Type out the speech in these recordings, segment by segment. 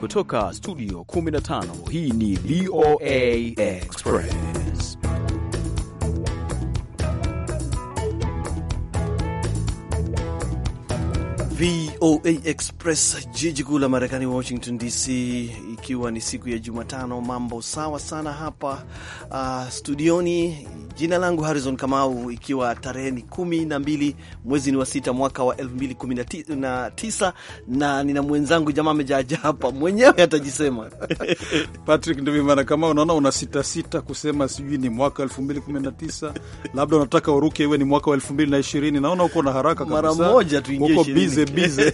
kutoka studio 15 hii ni VOA Express. VOA Express, jiji kuu la Marekani, Washington DC, ikiwa ni siku ya Jumatano. Mambo sawa sana hapa uh, studioni Jina langu Harrison Kamau, ikiwa tarehe ni kumi na mbili mwezi ni wa sita mwaka wa elfu mbili kumi na tisa na nina mwenzangu jamaa amejaja hapa mwenyewe atajisema Patrick Nduvimana. Kama unaona una sita sita kusema sijui ni mwaka elfu mbili kumi na tisa labda unataka uruke iwe ni mwaka wa elfu mbili na ishirini Naona uko na haraka mara moja tuingie bize bize.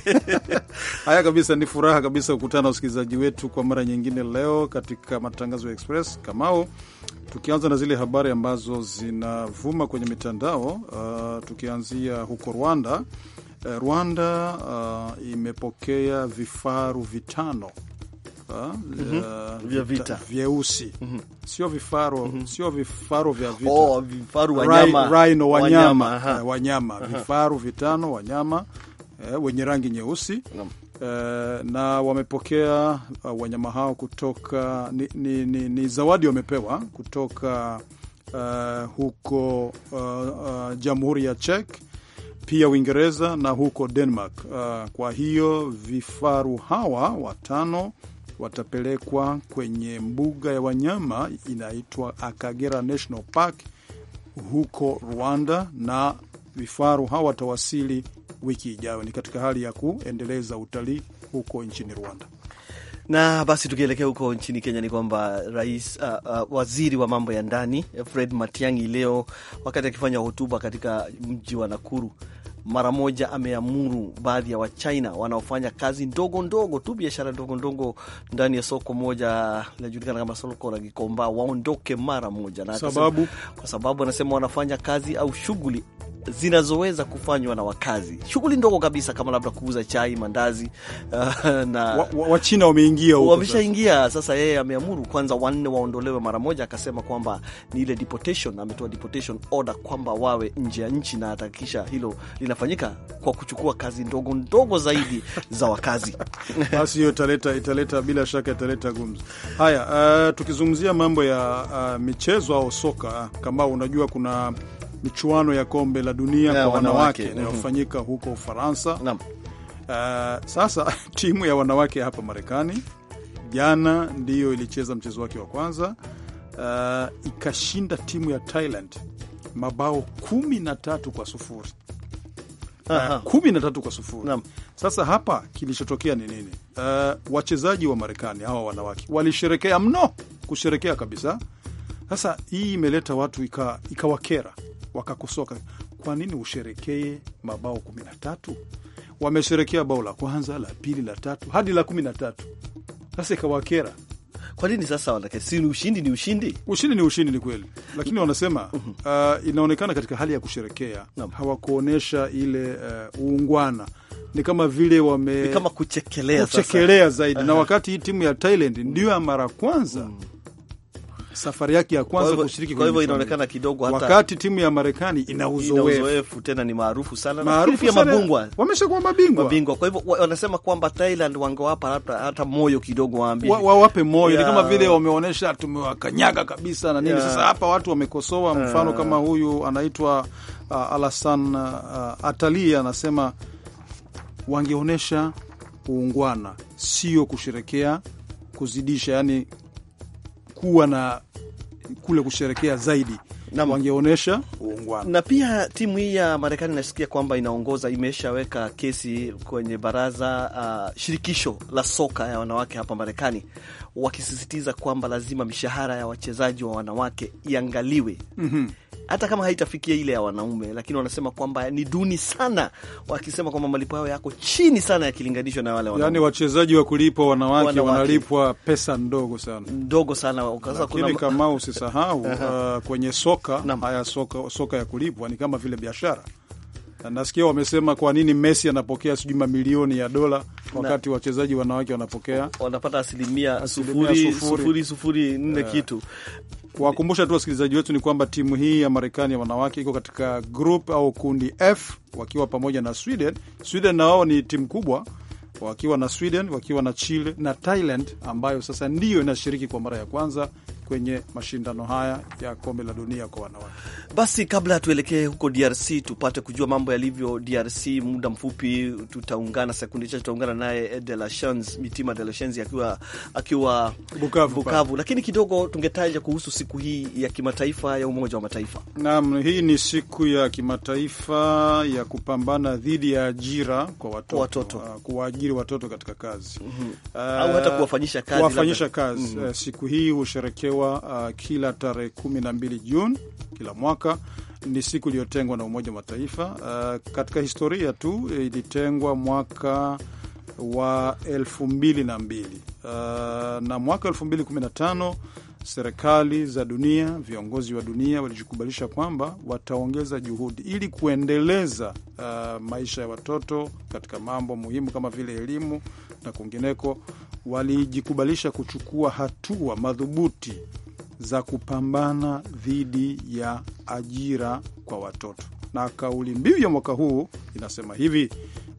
Haya kabisa, ni furaha kabisa kukutana na usikilizaji wetu kwa mara nyingine leo katika matangazo ya Express Kamao Tukianza na zile habari ambazo zinavuma kwenye mitandao uh, tukianzia huko Rwanda. Uh, Rwanda uh, imepokea vifaru vitano Uh, mm -hmm. uh, vita vyeusi mm -hmm. sio vifaru mm -hmm. sio vifaru vya vita oh, vifaru wanyama rhino wanyama wanyama, eh, wanyama. vifaru vitano wanyama uh, wenye rangi nyeusi Eh, na wamepokea uh, wanyama hao kutoka ni, ni, ni, ni zawadi wamepewa kutoka uh, huko uh, uh, Jamhuri ya Czech pia Uingereza na huko Denmark. Uh, kwa hiyo vifaru hawa watano watapelekwa kwenye mbuga ya wanyama inaitwa Akagera National Park huko Rwanda na vifaru hawa watawasili wiki ijayo. Ni katika hali ya kuendeleza utalii huko nchini Rwanda na basi tukielekea huko nchini Kenya ni kwamba rais uh, uh, waziri wa mambo ya ndani Fred Matiang'i leo wakati akifanya hotuba katika mji wa Nakuru mara moja ameamuru baadhi ya Wachina wanaofanya kazi ndogo ndogo tu biashara ndogo ndogo ndani ya soko moja linajulikana kama soko la Gikomba waondoke mara moja na sababu, kwa sababu anasema wanafanya kazi au shughuli zinazoweza kufanywa na wakazi, shughuli ndogo kabisa kama labda kuuza chai, mandazi uh, na Wachina wa wameingia huko, wameshaingia sasa. Yeye ameamuru kwanza wanne waondolewe mara moja, akasema kwamba ni ile deportation, ametoa deportation order kwamba wawe nje ya nchi, na atahakikisha hilo linafanyika kwa kuchukua kazi ndogo ndogo zaidi za wakazi. Basi hiyo italeta italeta bila shaka italeta gumzo. Haya, uh, tukizungumzia mambo ya uh, michezo au soka, kama unajua kuna michuano ya kombe la dunia yeah, kwa wanawake mhm. inayofanyika mm -hmm. huko Ufaransa. Uh, sasa timu ya wanawake hapa Marekani jana ndiyo ilicheza mchezo wake wa kwanza uh, ikashinda timu ya Thailand mabao kumi na tatu kwa sufuri uh, kumi na tatu kwa sufuri. Sasa hapa kilichotokea ni nini? Uh, wachezaji wa Marekani hawa wanawake walisherekea mno, kusherekea kabisa. Sasa hii imeleta watu ikawakera, ika wakakusoka, kwa nini usherekee mabao kumi na tatu? Wamesherekea bao la kwanza, la pili, la tatu hadi la kumi na tatu. Sasa ikawakera kwa nini sasa wanake, si ushindi ni ushindi, ushindi ni ushindi, ni kweli, lakini wanasema mhm. uh, inaonekana katika hali ya kusherekea hawakuonyesha ile uh, uungwana ni kama vile wame kuchekelea, kuchekelea zaidi uh -huh. Na wakati hii timu ya Thailand ndiyo ya mara kwanza -huh mm safari yake ya kwanza kushiriki. Kwa hivyo inaonekana kidogo, hata wakati timu ya Marekani ina uzoefu tena, ni maarufu sana maarufu ya mabingwa, wameshakuwa mabingwa mabingwa. Kwa hivyo wanasema kwamba Thailand wangewapa hata, hata moyo kidogo, waambie wa, wape moyo yeah. Ni kama vile wameonyesha tumewakanyaga kabisa na nini yeah. Sasa hapa watu wamekosoa mfano yeah. kama huyu anaitwa uh, Alasan uh, Atali anasema wangeonyesha uungwana, sio kusherekea kuzidisha, yani kuwa na kule kusherekea zaidi na wangeonyesha uungwana. Na pia timu hii ya Marekani nasikia kwamba inaongoza, imeshaweka kesi kwenye baraza uh, shirikisho la soka ya wanawake hapa Marekani, wakisisitiza kwamba lazima mishahara ya wachezaji wa wanawake iangaliwe, mm -hmm hata kama haitafikia ile ya wanaume, lakini wanasema kwamba ni duni sana, wakisema kwamba malipo yao yako chini sana yakilinganishwa na wale yaani wanaume. Yani wachezaji wa kulipwa wanawake, wanawake wanalipwa pesa ndogo sana, ndogo sana. lakini kama usisahau uh, kwenye soka Nam. haya soka, soka ya kulipwa ni kama vile biashara nasikia wamesema kwa nini Messi anapokea sijui mamilioni ya dola wakati wachezaji wanawake wanapokea wanapata asilimia sufuri sufuri sufuri nne eh. kitu. Kuwakumbusha tu wasikilizaji wetu ni kwamba timu hii ya Marekani ya wanawake iko katika group au kundi F wakiwa pamoja na Sweden. Sweden na wao ni timu kubwa, wakiwa na Sweden, wakiwa na Chile na Thailand ambayo sasa ndiyo inashiriki kwa mara ya kwanza kwenye mashindano haya ya kombe la dunia kwa wanawake. Basi kabla tuelekee huko DRC tupate kujua mambo yalivyo DRC, muda mfupi tutaungana, sekundi chache tutaungana naye de la Chance, Mitima de la Chance akiwa akiwa Bukavu, Bukavu. Lakini kidogo tungetaja kuhusu siku hii ya kimataifa ya Umoja wa Mataifa. Naam, hii ni siku ya kimataifa ya kupambana dhidi ya ajira kwa watoto, watoto. Uh, kuwaajiri watoto katika kazi mm -hmm. uh, au hata uh, kuwafanyisha kazi, kuwafanyisha kazi. Mm -hmm. siku hii husherekewa hutolewa uh, kila tarehe 12 Juni kila mwaka. Ni siku iliyotengwa na Umoja wa Mataifa. Uh, katika historia tu ilitengwa mwaka wa mbili uh, na mwaka tano serikali za dunia, viongozi wa dunia walijikubalisha kwamba wataongeza juhudi ili kuendeleza uh, maisha ya watoto katika mambo muhimu kama vile elimu na kwingineko, walijikubalisha kuchukua hatua madhubuti za kupambana dhidi ya ajira kwa watoto, na kauli mbiu ya mwaka huu inasema hivi: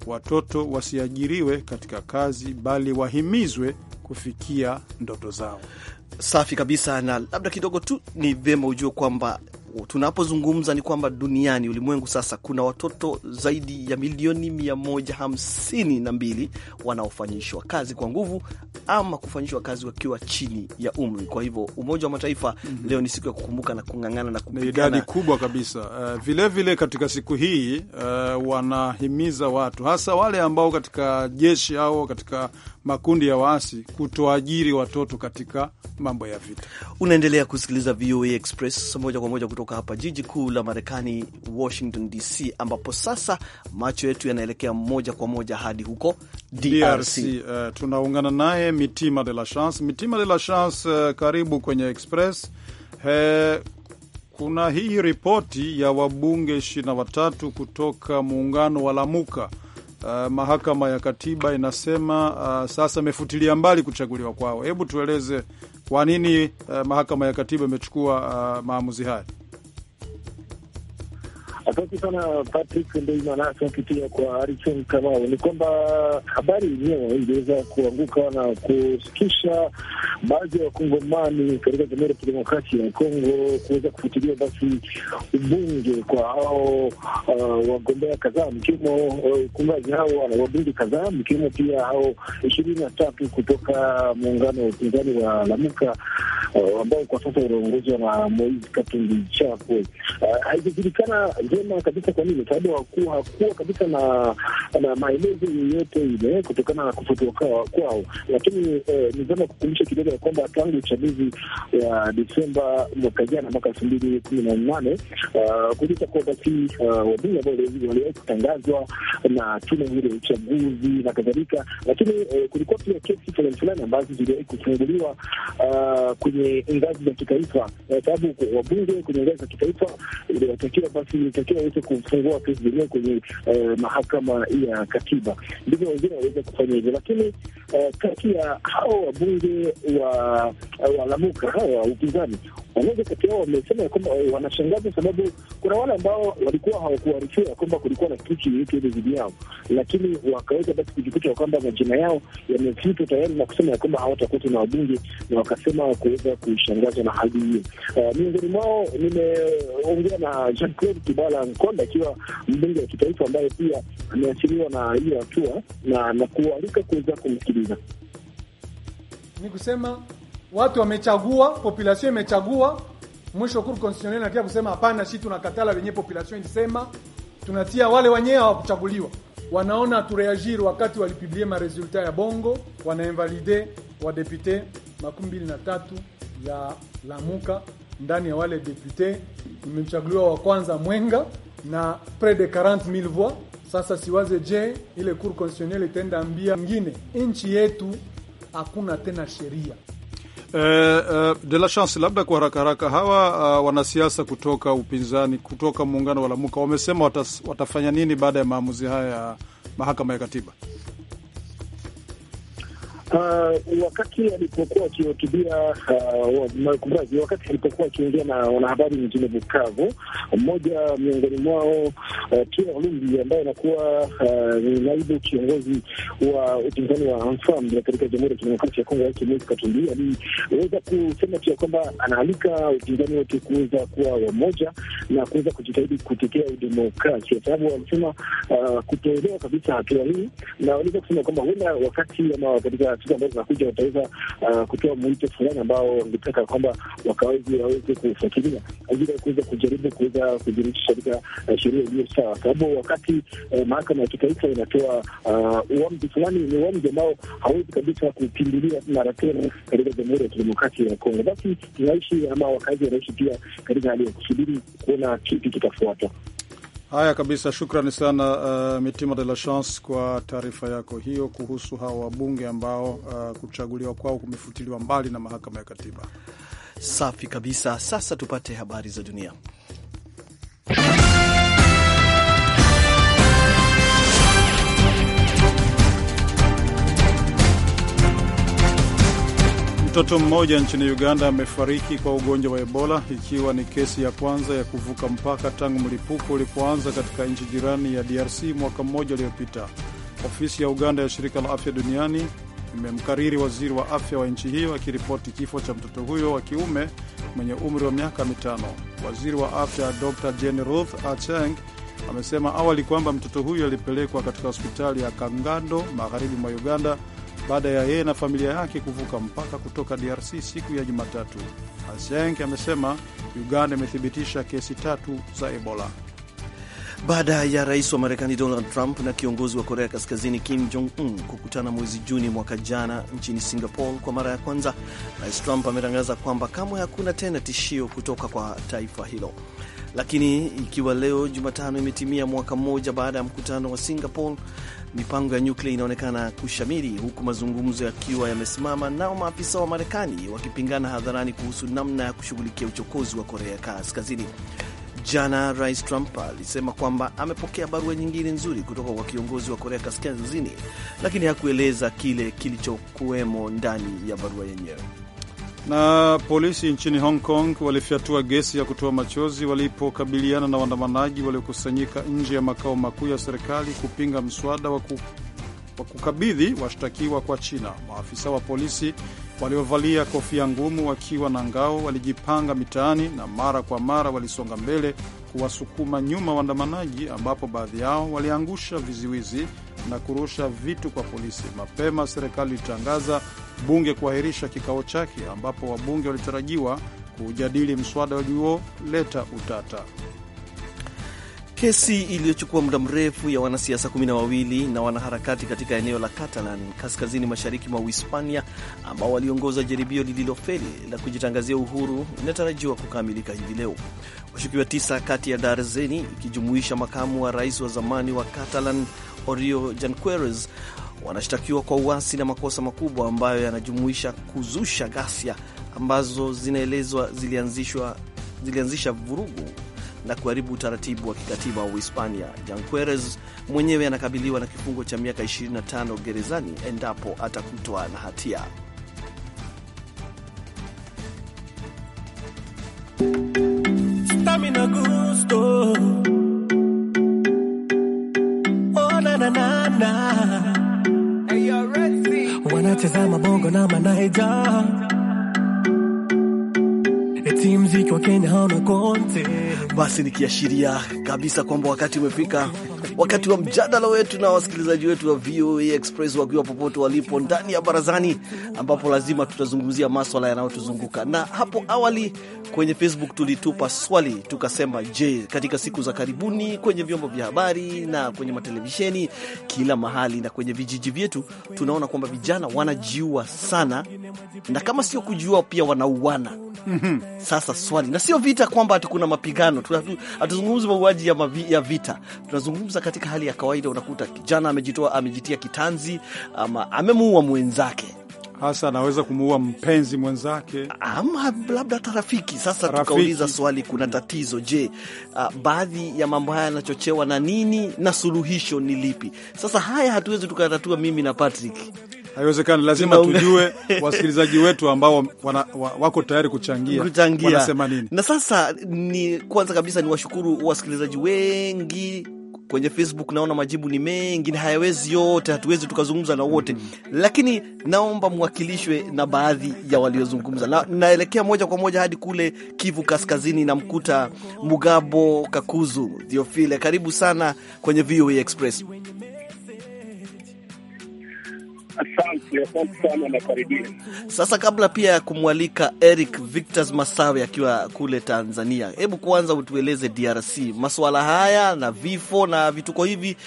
watoto wasiajiriwe katika kazi, bali wahimizwe kufikia ndoto zao. Safi kabisa, na labda kidogo tu ni vyema ujue kwamba tunapozungumza ni kwamba duniani, ulimwengu sasa, kuna watoto zaidi ya milioni mia moja hamsini na mbili wanaofanyishwa kazi kwa nguvu ama kufanyishwa kazi wakiwa chini ya umri. Kwa hivyo Umoja wa Mataifa mm -hmm. leo ni siku ya kukumbuka na kung'ang'ana na kupigana, idadi kubwa kabisa vilevile. Eh, uh, vile katika siku hii uh, wanahimiza watu hasa wale ambao katika jeshi au katika makundi ya waasi kutoajiri watoto katika mambo ya vita. Unaendelea kusikiliza VOA Express moja kwa moja kutoka kutoka hapa jiji kuu la Marekani, Washington DC, ambapo sasa macho yetu yanaelekea moja kwa moja hadi huko DRC. Uh, eh, tunaungana naye Mitima de la Chance. Mitima de la Chance, uh, karibu kwenye Express. Uh, kuna hii ripoti ya wabunge ishirini na watatu kutoka muungano wa Lamuka. Uh, mahakama ya katiba inasema uh, sasa imefutilia mbali kuchaguliwa kwao. Hebu tueleze kwa nini uh, mahakama ya katiba imechukua uh, maamuzi haya? Asante sana Patrick Ndoimana, asante pia kwa Harison Kamau. Ni kwamba habari yenyewe iliweza kuanguka na kusikisha baadhi ya wakongomani katika Jamhuri ya Kidemokrasia ya Kongo kuweza kufuatilia basi ubunge kwa hao uh, wagombea kadhaa mkiwemo uh, kungazi hao uh, wabunge kadhaa mkiwemo pia hao ishirini na tatu kutoka muungano wa upinzani wa Lamuka uh, ambao kwa sasa unaongozwa na Moise Katumbi Chapwe. Uh, haijajulikana vyema kabisa kwa nini, sababu hakuwa kabisa na, na maelezo yoyote ile kutokana na kufutua kwao, lakini uh, ni vyema kukumbusha kidogo kueleza ya kwamba tangu uchaguzi wa Desemba mwaka jana, mwaka elfu mbili kumi na nane uh, kulita kwa basi uh, wabunge ambao waliwahi kutangazwa na tume huru ya uchaguzi na kadhalika, lakini uh, kulikuwa pia kesi fulani fulani ambazo ziliwahi kufunguliwa kwenye ngazi za kitaifa, sababu wabunge kwenye ngazi za kitaifa iliwatakiwa basi ilitakiwa waweze kufungua kesi zenyewe kwenye mahakama ya katiba, ndivyo wengine waweze kufanya hivyo, lakini kati ya hao wabunge walamuka wa upinzani mmoja kati yao wamesema ya kwamba eh, wanashangaza, sababu kuna wale ambao walikuwa hawakuarifiwa ya kwamba kulikuwa na kitu yoyote ile dhidi yao, lakini wakaweza basi kujikuta kwamba majina yao yamefutwa tayari na kusema ya kwamba hawatakuta na wabunge, na wakasema kuweza kushangazwa na hali hiyo. Uh, Miongoni mwao nimeongea na Jean Claude Kibala Nkonda, akiwa mbunge wa kitaifa ambaye pia ameathiriwa na hiyo hatua, na nakualika kuweza kumsikiliza kusema watu wamechagua, population imechagua. Mwisho Cour constitutionnelle natia kusema hapana, sisi tunakatala wenye population ilisema, tunatia wale wenyewe hawakuchaguliwa, wanaona tureagir. Wakati walipiblie maresultat ya bongo, wana invalide wa député makumi mbili na tatu ya Lamuka. Ndani ya wale député imemchaguliwa wa kwanza Mwenga na pres de 40000 voix. Sasa siwaze je, ile Cour constitutionnelle itaenda ambia ingine nchi yetu hakuna tena sheria. Eh, eh, de la chance, labda kwa haraka haraka hawa uh, wanasiasa kutoka upinzani kutoka muungano wa Lamuka wamesema watas, watafanya nini baada ya maamuzi haya ya mahakama ya katiba? Uh, wakati alipokuwa akihutubia uh, kumradhi, uh, wakati alipokuwa akiongea na wanahabari mjini Bukavu, mmoja miongoni mwao uh, Pierre Lumbi ambaye anakuwa uh, naibu kiongozi wa upinzani wa Ensemble katika Jamhuri ya Kidemokrasia ya Kongo yake Moise Katumbi aliweza kusema pia kwamba anaalika upinzani wote kuweza kuwa wamoja na kuweza kujitahidi kutetea udemokrasia, sababu walisema uh, kutoelewa kabisa hatua hii, na waliweza kusema kwamba huenda wakati ama katika taratibu ambazo zinakuja wataweza uh, kutoa mwito fulani ambao wangetaka kwamba wakawezi waweze kufuatilia ajili ya kuweza kujaribu kuweza kujiruhisha katika uh, sheria iliyo sawa, sababu wakati uh, mahakama ya kitaifa inatoa uh, uamuzi fulani, ni uamuzi ambao hawezi kabisa kupinduliwa mara tena katika Jamhuri ya Kidemokrasia ya Kongo, basi tunaishi ama wakazi wanaishi pia katika hali ya kusubiri kuona kipi kitafuata. Haya kabisa, shukrani sana uh, Mitima de la Chance kwa taarifa yako hiyo kuhusu hawa wabunge ambao uh, kuchaguliwa kwao kumefutiliwa mbali na mahakama ya katiba. Safi kabisa. Sasa tupate habari za dunia. Mtoto mmoja nchini Uganda amefariki kwa ugonjwa wa Ebola ikiwa ni kesi ya kwanza ya kuvuka mpaka tangu mlipuko ulipoanza katika nchi jirani ya DRC mwaka mmoja uliopita. Ofisi ya Uganda ya Shirika la Afya Duniani imemkariri waziri wa afya wa nchi hiyo akiripoti kifo cha mtoto huyo wa kiume mwenye umri wa miaka mitano. Waziri wa afya Dr Jane Ruth Acheng amesema awali kwamba mtoto huyo alipelekwa katika hospitali ya Kangando magharibi mwa Uganda baada ya yeye na familia yake kuvuka mpaka kutoka DRC siku ya Jumatatu. Asenk amesema Uganda imethibitisha kesi tatu za Ebola. Baada ya rais wa Marekani Donald Trump na kiongozi wa Korea Kaskazini Kim Jong Un kukutana mwezi Juni mwaka jana nchini Singapore kwa mara ya kwanza, rais Trump ametangaza kwamba kamwe hakuna tena tishio kutoka kwa taifa hilo. Lakini ikiwa leo Jumatano imetimia mwaka mmoja baada ya mkutano wa Singapore mipango ya nyuklia inaonekana kushamiri huku mazungumzo yakiwa yamesimama, nao maafisa wa Marekani wakipingana hadharani kuhusu namna ya kushughulikia uchokozi wa Korea Kaskazini. Jana Rais Trump alisema kwamba amepokea barua nyingine nzuri kutoka kwa kiongozi wa Korea Kaskazini, lakini hakueleza kile kilichokuwemo ndani ya barua yenyewe. Na polisi nchini Hong Kong walifyatua gesi ya kutoa machozi walipokabiliana na waandamanaji waliokusanyika nje ya makao makuu ya serikali kupinga mswada wa kukabidhi washtakiwa kwa China. Maafisa wa polisi waliovalia kofia ngumu wakiwa na ngao walijipanga mitaani na mara kwa mara walisonga mbele kuwasukuma nyuma waandamanaji, ambapo baadhi yao waliangusha viziwizi na kurusha vitu kwa polisi. Mapema serikali ilitangaza bunge kuahirisha kikao chake, ambapo wabunge walitarajiwa kujadili mswada ulioleta utata. Kesi iliyochukua muda mrefu ya wanasiasa kumi na wawili na wanaharakati katika eneo la Catalan kaskazini mashariki mwa Uhispania ambao waliongoza jaribio lililofeli la kujitangazia uhuru inatarajiwa kukamilika hivi leo washukiwa tisa kati ya darzeni ikijumuisha makamu wa rais wa zamani wa Catalan Orio Janqueres wanashtakiwa kwa uasi na makosa makubwa ambayo yanajumuisha kuzusha ghasia ambazo zinaelezwa zilianzisha vurugu na kuharibu utaratibu wa kikatiba wa Uhispania. Janqueres mwenyewe anakabiliwa na kifungo cha miaka 25 gerezani endapo atakutwa na hatia nami na gusto oh, na, na, na, na. Hey, wanachezama bongo na manaija mziki wa Kenya hauna konte. Basi nikiashiria kabisa kwamba wakati umefika wakati wa mjadala wetu na wasikilizaji wetu wa VOA Express wakiwa popote walipo ndani ya barazani, ambapo lazima tutazungumzia maswala yanayotuzunguka. Na hapo awali Kwenye Facebook tulitupa swali tukasema, je, katika siku za karibuni kwenye vyombo vya habari na kwenye matelevisheni kila mahali na kwenye vijiji vyetu tunaona kwamba vijana wanajiua sana, na kama sio kujiua pia wanauana. mm -hmm. Sasa swali, na sio vita kwamba hati kuna mapigano, hatuzungumzi mauaji ya, ya vita, tunazungumza katika hali ya kawaida. Unakuta kijana amejitoa, amejitia kitanzi ama amemuua mwenzake hasa anaweza kumuua mpenzi mwenzake ama labda hata rafiki. Sasa rafiki, tukauliza swali, kuna tatizo je? Uh, baadhi ya mambo haya yanachochewa na nini na suluhisho ni lipi? Sasa haya hatuwezi tukatatua mimi na Patrick Haiwezekani, lazima tujue wasikilizaji wetu ambao wana, wako tayari kuchangia, kuchangia wanasema nini. Na sasa ni kwanza kabisa ni washukuru wasikilizaji wengi Kwenye Facebook naona majibu ni mengi na hayawezi yote, hatuwezi tukazungumza na wote mm -hmm. Lakini naomba mwakilishwe na baadhi ya waliozungumza na, naelekea moja kwa moja hadi kule Kivu Kaskazini na mkuta Mugabo Kakuzu Thiofile, karibu sana kwenye VOA Express. Sasa kabla pia ya kumwalika Eric Victos Masawe akiwa kule Tanzania, hebu kwanza utueleze DRC masuala haya na vifo na vituko hivi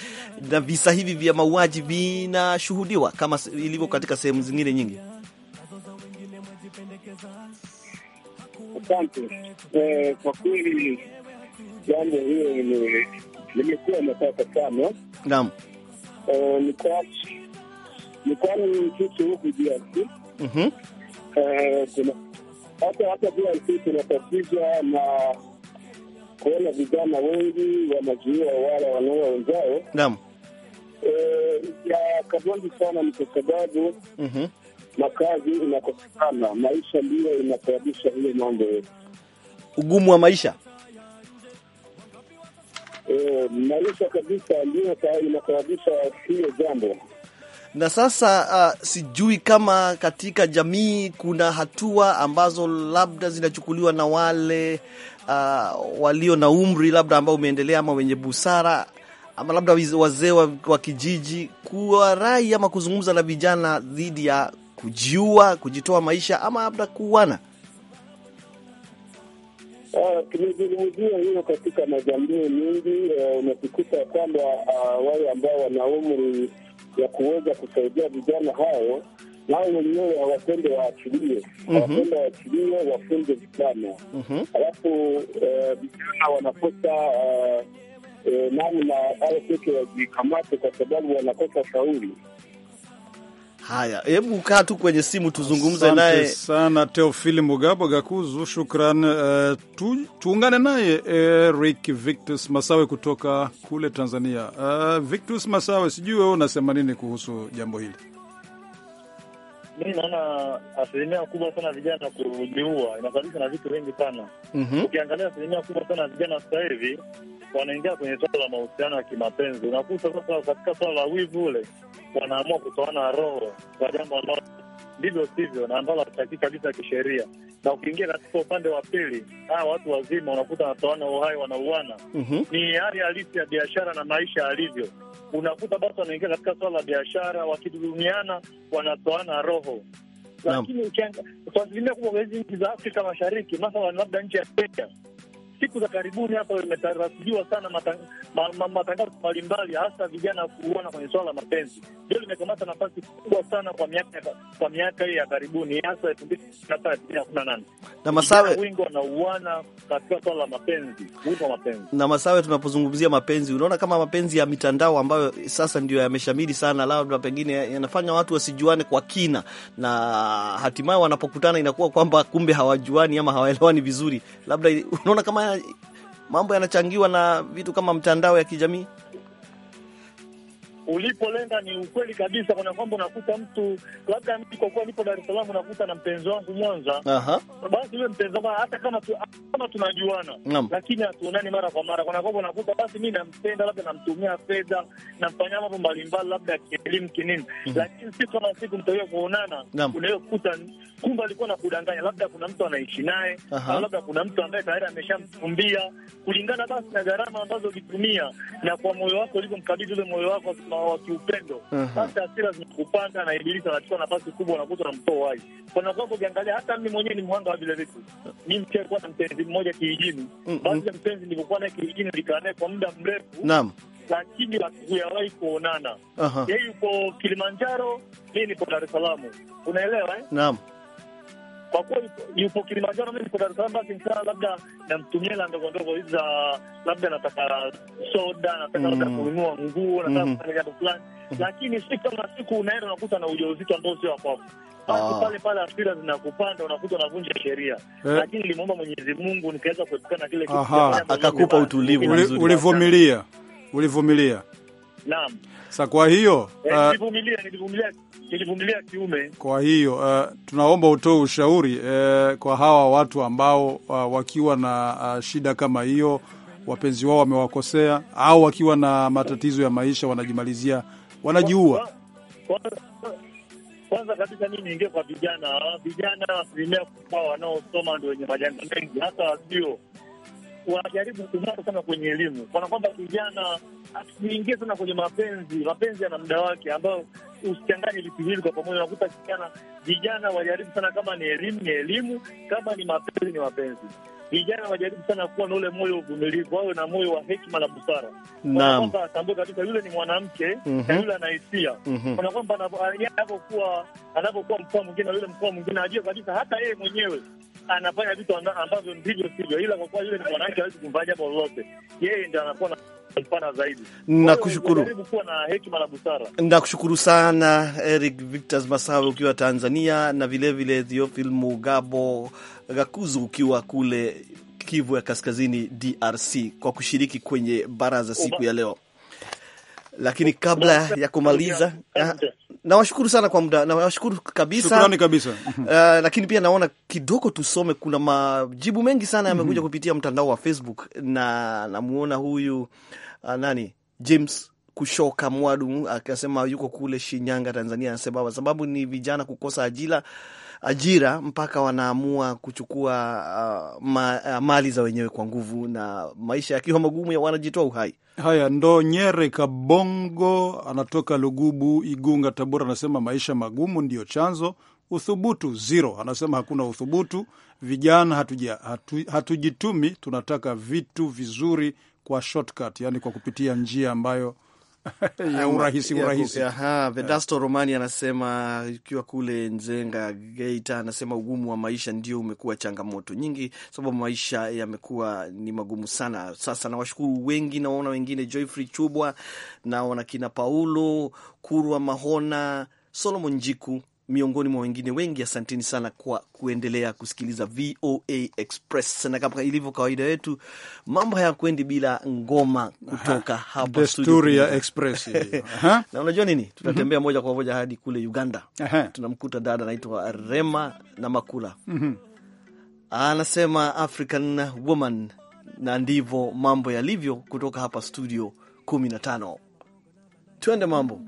na visa hivi vya mauaji vinashuhudiwa kama ilivyo katika sehemu zingine nyingi? Asante eh, kwa kweli jambo hiyo limekuwa matata sana. Naam, eh, ni mkoani Mtito huku DRC. Mhm. Eh, hata hata DRC tunatatizwa na kuona vijana wengi wanazuia wala wanaua wenzao. Naam, eh, ya kabongi sana ni kwa sababu mhm. makazi inakosekana, maisha ndiyo inasababisha hiyo mambo yote, ugumu wa maisha eh, maisha kabisa ndiyo inasababisha hiyo jambo. Na sasa uh, sijui kama katika jamii kuna hatua ambazo labda zinachukuliwa na wale uh, walio na umri labda ambao umeendelea ama wenye busara ama labda wazee wa kijiji kuwa rai ama kuzungumza na vijana dhidi ya kujiua, kujitoa maisha ama labda kuuana. Ah, tumezungumzia hiyo katika majamii uh, unajikuta kwamba wale ambao wana umri ya kuweza kusaidia vijana hao nao wenyewe hawapende waachilie, mhm. hawapende waachilie, wafunze vijana. Mhm. alafu eh, vijana wanakosa eh, eh, namna, au peke wajikamate, kwa sababu wanakosa shauri. Haya, hebu kaa tu kwenye simu tuzungumze naye sana. Teofili Mugabo Gakuzu, shukran. Uh, tu, tuungane naye Eric eh, Victus Masawe kutoka kule Tanzania. Uh, Victus Masawe, sijui wewe unasema nini kuhusu jambo hili? mi naona asilimia kubwa sana vijana kujiua inasababishwa na vitu vingi sana. Mhm. Ukiangalia asilimia kubwa sana vijana sasa hivi wanaingia kwenye swala la mahusiano ya kimapenzi, unakuta sasa katika swala la wivu ule wanaamua kutoana roho kwa jambo ambalo ndivyo sivyo, na ambalo hataki kabisa kisheria. Na ukiingia katika upande wa pili, hawa watu wazima unakuta wanatoana uhai, wanauana. mm -hmm. Ni hali halisi ya biashara na maisha alivyo. Unakuta basi wanaingia katika swala la biashara, wakidudumiana, wanatoana roho lakini kwa asilimia kubwa hizi nchi za Afrika Mashariki, mathalan labda nchi ya Kenya, siku za karibuni hapa imetarasijiwa sana matangazo ma, mbalimbali hasa vijana kuona kwenye swala la mapenzi, ndio limekamata nafasi kubwa sana kwa miaka kwa miaka hii ya karibuni, hasa elfu mbili na kumi na nane na Masawe, wingi wanauana katika swala la mapenzi, wingi wa mapenzi. Na Masawe, tunapozungumzia mapenzi, unaona kama mapenzi ya mitandao ambayo sasa ndio yameshamiri sana, labda pengine yanafanya watu wasijuane kwa kina, na hatimaye wanapokutana inakuwa kwamba kumbe hawajuani ama hawaelewani vizuri, labda unaona kama mambo yanachangiwa na vitu kama mtandao ya kijamii? Ulipolenda ni ukweli kabisa, kuna kwamba unakuta mtu labda kwa kuwa nipo Dar es Salaam, unakuta na mpenzi wangu Mwanza. Aha. Basi yule mpenzi wangu hata kama tu, kama tunajuana Nam. lakini hatuonani mara kwa mara, kuna kwamba unakuta basi mimi nampenda, labda namtumia fedha, namfanyia mambo mbalimbali, labda kielimu kinini, mm -hmm. lakini siku kama siku mtakuja kuonana, unayokuta kumbe alikuwa na kudanganya, labda kuna mtu anaishi naye au labda kuna mtu ambaye tayari ameshamfumbia, kulingana basi na gharama ambazo ulitumia na kwa moyo wako ulivyomkabidhi ule moyo wako wa kiupendo. Basi hasira zinakupanda na Ibilisi anachukua nafasi kubwa, unakuta na mtoo wai kana kwako. Ukiangalia hata mimi mwenyewe ni mhanga wa vile vitu. Mi mchee kuwa na mpenzi mmoja kijijini, mm, mm. basi mpenzi nilikuwa naye kijijini, nilikaa naye kwa muda mrefu, naam lakini hatujawahi kuonana. Yeye yuko Kilimanjaro, mimi niko Dar es Salaam, unaelewa eh? Naam kwa kuwa yupo Kilimanjaro, mimi niko Dar es Salaam, basi nikaa labda namtumia la ndogo ndogo hizi za labda nataka soda, nataka labda mm. kununua nguo, nataka mm. kufanya jambo fulani, mm. lakini si kama siku unaenda unakuta na ujauzito ambao sio wakwako basi ah. pale pale hasira zinakupanda, unakuta unavunja sheria eh. Lakini nilimwomba Mwenyezi Mungu nikaweza kuepukana kile kitu, akakupa utulivu. Ulivumilia, ulivumilia Naam. Sa kwa hiyo eh, uh, nilivumilia, nilivumilia, nilivumilia kiume. Kwa hiyo uh, tunaomba utoe ushauri uh, kwa hawa watu ambao uh, wakiwa na uh, shida kama hiyo, wapenzi wao wamewakosea, au wakiwa na matatizo ya maisha wanajimalizia, wanajiua. Kwanza kabisa mimi niingie kwa vijana. Vijana asilimia kubwa wanaosoma ndio wenye majanga mengi, hasa wasio wanajaribu kung'ata sana kwenye elimu, kana kwamba kijana asiingie sana kwenye mapenzi. Mapenzi yana muda wake, ambayo usichanganye vitu hivi kwa pamoja. Unakuta kijana, vijana wajaribu sana, kama ni elimu ni elimu, kama ni mapenzi ni mapenzi. Vijana wajaribu sana kuwa na ule moyo uvumilivu, wawe na moyo wa hekima na busara, kwamba atambue kabisa yule ni mwanamke mm -hmm. na mhm. yule ana hisia mhm. kana kwamba anapokuwa mkoa mwingine na yule mkoa mwingine, ajue kabisa hata yeye mwenyewe anafanya vitu ambavyo ndivyo sivyo, ila kwa kuwa yule ni mwanamke hawezi kumfanya jambo lolote, yeye ndio anakuwa na Nakushukuru, na na sana Eric Victor Masawe ukiwa Tanzania, na vilevile Theophil Mugabo Gakuzu ukiwa kule Kivu ya Kaskazini, DRC, kwa kushiriki kwenye baraza siku ya leo. Lakini kabla ya kumaliza nawashukuru sana kwa muda, nawashukuru kabisa, shukrani kabisa. Uh, lakini pia naona kidogo tusome, kuna majibu mengi sana yamekuja mm -hmm. kupitia mtandao wa Facebook na namuona huyu uh, nani James Kushoka Mwadu akasema yuko kule Shinyanga, Tanzania, anasema sababu ni vijana kukosa ajira ajira mpaka wanaamua kuchukua uh, ma, uh, mali za wenyewe kwa nguvu, na maisha yakiwa magumu wanajitoa uhai. Haya ndo Nyere Kabongo anatoka Lugubu, Igunga, Tabora, anasema maisha magumu ndiyo chanzo, uthubutu zero. Anasema hakuna uthubutu, vijana hatuja, hatu, hatujitumi, tunataka vitu vizuri kwa shortcut, yani kwa kupitia njia ambayo ya urahisi urahisi. Vedasto Romani anasema ikiwa kule Nzenga, Geita, anasema ugumu wa maisha ndio umekuwa changamoto nyingi, sababu maisha yamekuwa ni magumu sana. Sasa nawashukuru wengi, nawaona wengine Joyfrey Chubwa, naona kina Paulo Kurwa Mahona Solomon Jiku miongoni mwa wengine wengi. Asanteni sana kwa kuendelea kusikiliza VOA Express, na kama ilivyo kawaida yetu, mambo hayakwendi bila ngoma kutoka hapa ya Express na unajua nini, tutatembea mm -hmm. moja kwa moja hadi kule Uganda. Aha. tunamkuta dada anaitwa Rema na Makula mm -hmm. anasema African woman, na ndivyo mambo yalivyo kutoka hapa studio 15 twende mambo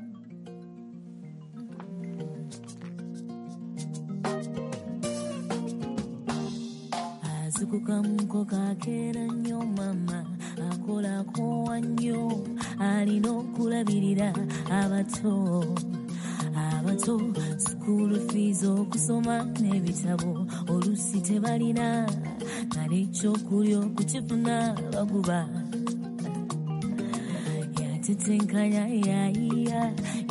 kasuku kamuko kakeera nnyo mama akolako wannyo alina okulabirira abato abato sukuulu fiizi okusoma n'ebitabo olusi tebalina nalekyokulya okukifuna baguba yatetenkanya yaiya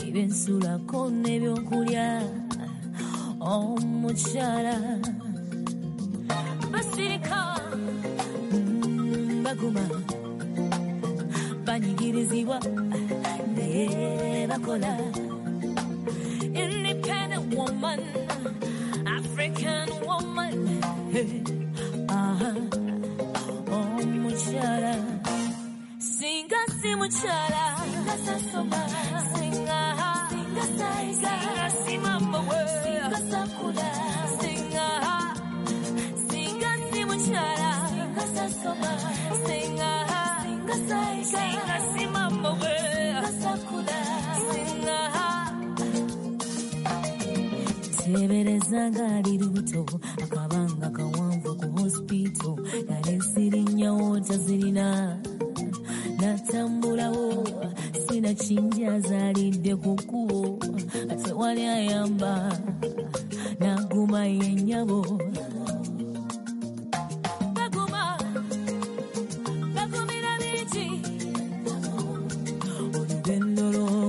ebyensulako n'ebyokulya omukyala oh, naye bakola independent woman african woman uh-huh. omukyala singa si mukyala singa sasoma singa singa saiga singa nsebereza lubuto akabanga kawanvu ku hospito yale sirinyawota zirina natambulawo sinakinja zalidde ku kkubo tewali ayamba naguma yennyabo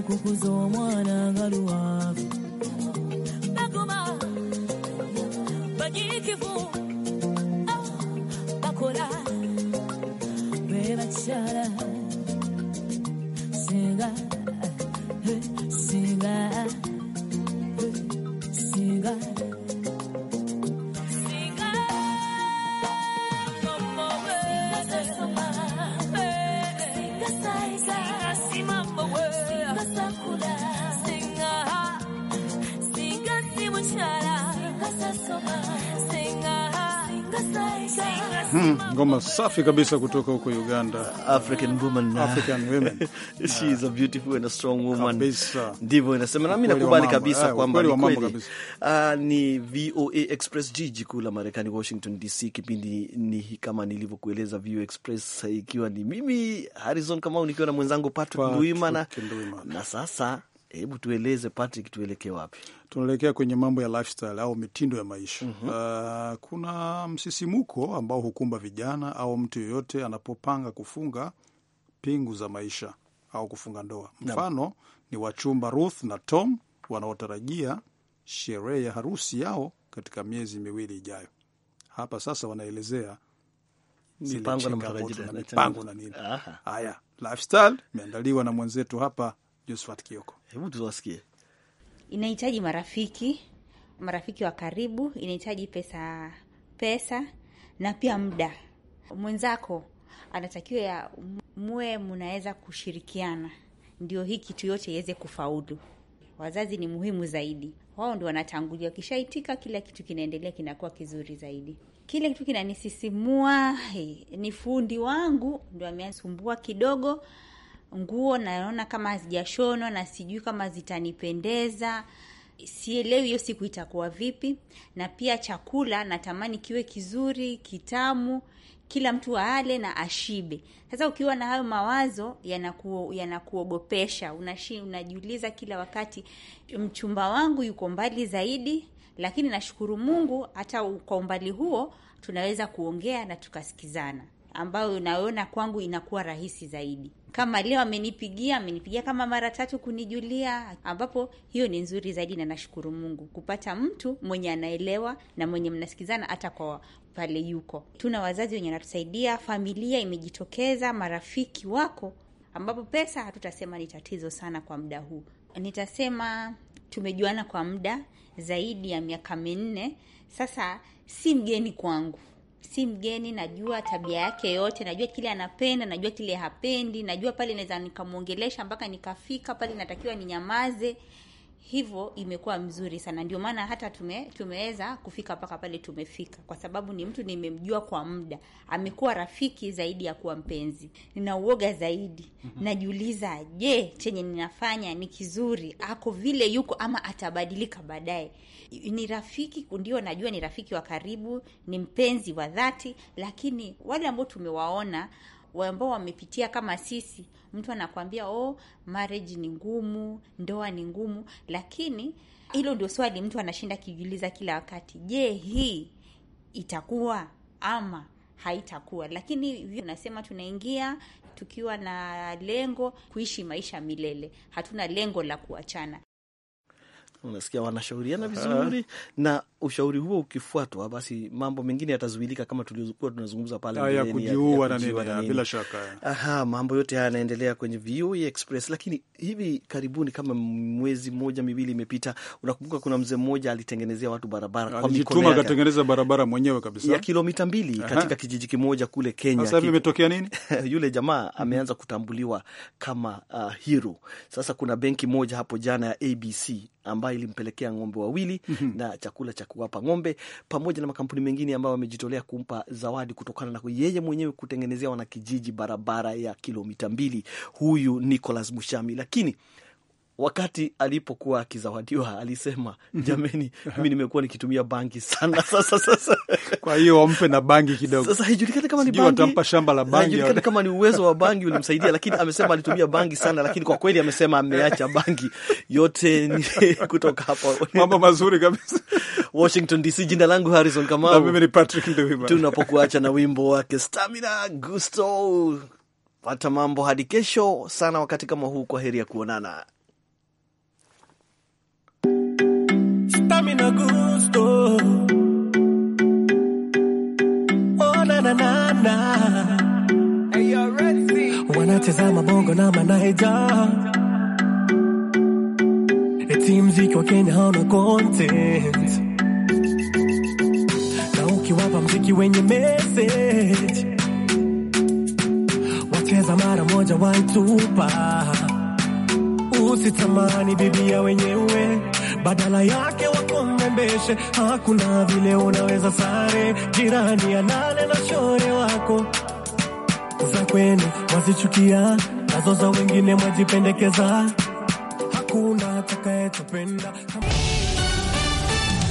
okukuza omwana nga luwafu baguma banyirikivu ah, bakola bebakyala singa eh, Mm, ngoma safi kabisa kutoka huko Uganda. African woman, African women. She is a beautiful and a strong woman. Ndivyo inasema, nami nakubali kabisa eh, kwamba ni kweli. Ah, ni VOA Express, jiji kuu la Marekani, Washington DC. Kipindi ni kama nilivyokueleza, VOA Express, ikiwa ni mimi Harrison Kamau nikiwa na mwenzangu Patrick Duimana, na sasa Hebu tueleze Patrick, tuelekee wapi? Tunaelekea kwenye mambo ya lifestyle au mitindo ya maisha. mm -hmm. Uh, kuna msisimuko ambao hukumba vijana au mtu yoyote anapopanga kufunga pingu za maisha au kufunga ndoa. Mfano ni wachumba Ruth na Tom wanaotarajia sherehe ya harusi yao katika miezi miwili ijayo. Hapa sasa wanaelezea mipango na nini. Haya, lifestyle imeandaliwa na mwenzetu hapa Josephat Kioko. Hebu tuwasikie. Inahitaji marafiki, marafiki wa karibu, inahitaji pesa, pesa na pia muda. Mwenzako anatakiwa muwe mnaweza kushirikiana, ndio hii kitu yote iweze kufaulu. Wazazi ni muhimu zaidi, wao ndio wanatangulia. Wakishaitika, kila kitu kinaendelea, kinakuwa kizuri zaidi. Kile kitu kinanisisimua eh, ni fundi wangu, ndio amesumbua kidogo nguo naona kama hazijashonwa na sijui kama zitanipendeza sielewi hiyo siku itakuwa vipi, na pia chakula natamani kiwe kizuri, kitamu, kila mtu aale na ashibe. Sasa ukiwa na hayo mawazo yanakuogopesha, unashi, unajiuliza kila wakati, mchumba wangu yuko mbali zaidi, lakini nashukuru Mungu hata kwa umbali huo tunaweza kuongea na tukasikizana ambayo unaona kwangu inakuwa rahisi zaidi. Kama leo amenipigia, amenipigia kama mara tatu kunijulia, ambapo hiyo ni nzuri zaidi, na nashukuru Mungu kupata mtu mwenye anaelewa na mwenye mnasikizana hata kwa pale yuko. Tuna wazazi wenye wanatusaidia, familia imejitokeza, marafiki wako, ambapo pesa hatutasema ni tatizo sana kwa muda huu. Nitasema tumejuana kwa muda zaidi ya miaka minne sasa, si mgeni kwangu si mgeni, najua tabia yake yote, najua kile anapenda, najua kile hapendi, najua pale naweza nikamwongelesha mpaka nikafika pale natakiwa ninyamaze hivyo imekuwa mzuri sana, ndio maana hata tume, tumeweza kufika mpaka pale tumefika, kwa sababu ni mtu nimemjua kwa muda, amekuwa rafiki zaidi ya kuwa mpenzi. Nina uoga zaidi, mhm. najiuliza, je, chenye ninafanya ni kizuri? Ako vile yuko ama atabadilika baadaye? Ni rafiki ndio, najua ni rafiki wa karibu, ni mpenzi wa dhati, lakini wale ambao tumewaona ambao wamepitia kama sisi Mtu anakwambia oh, marriage ni ngumu, ndoa ni ngumu, lakini hilo ndio swali mtu anashinda kijuliza kila wakati. Je, hii itakuwa ama haitakuwa? Lakini unasema tunaingia tukiwa na lengo kuishi maisha milele, hatuna lengo la kuachana unasikia wanashauriana vizuri na ushauri huo ukifuatwa, basi mambo mengine yatazuilika, kama tulivyokuwa tunazungumza pale, ah, kujiua na nini. Bila shaka, aha, mambo yote haya yanaendelea kwenye VOA e Express. Lakini hivi karibuni, kama mwezi mmoja miwili imepita, unakumbuka kuna mzee mmoja alitengenezea watu barabara kwa mikono yake, akatengeneza barabara mwenyewe kabisa ya kilomita mbili katika kijiji kimoja kule Kenya. Sasa imetokea nini? yule jamaa mhm. ameanza kutambuliwa kama uh, ah, hero. Sasa kuna benki moja hapo jana ya ABC ambayo ilimpelekea ng'ombe wawili mm -hmm. na chakula cha kuwapa ng'ombe pamoja na makampuni mengine ambayo wamejitolea kumpa zawadi kutokana na yeye mwenyewe kutengenezea wanakijiji barabara ya kilomita mbili. Huyu Nicholas Mushami, lakini wakati alipokuwa akizawadiwa alisema, mhm. jameni, mi nimekuwa nikitumia bangi sana sasa. Sasa kwa hiyo wampe na bangi kidogo. Sasa haijulikani kama ni bangi, watampa shamba la bangi, haijulikani kama ni uwezo wa bangi ulimsaidia, lakini amesema alitumia bangi sana, lakini kwa kweli amesema ameacha bangi yote. Ni kutoka hapa mambo mazuri kabisa Washington DC. Jina langu Harrison Kamau, mimi ni Patrick Nduwimana, tunapokuacha na wimbo wake Stamina Gusto. Pata mambo hadi kesho sana wakati kama huu. Kwa heri ya kuonana. na gusto. Oh, na na na na. Hey, wanatazama bongo na manaija. Eti mziki wa Kenya hauna content. Na ukiwapa mziki wenye message. Wacheza mara moja waitupa. Usitamani bibia wenyewe badala ya ukomeshe, hakuna vile unaweza sare. Jirani anale na shore wako za kwenu wazichukia, nazo za wengine mwajipendekeza, hakuna atakayetupenda.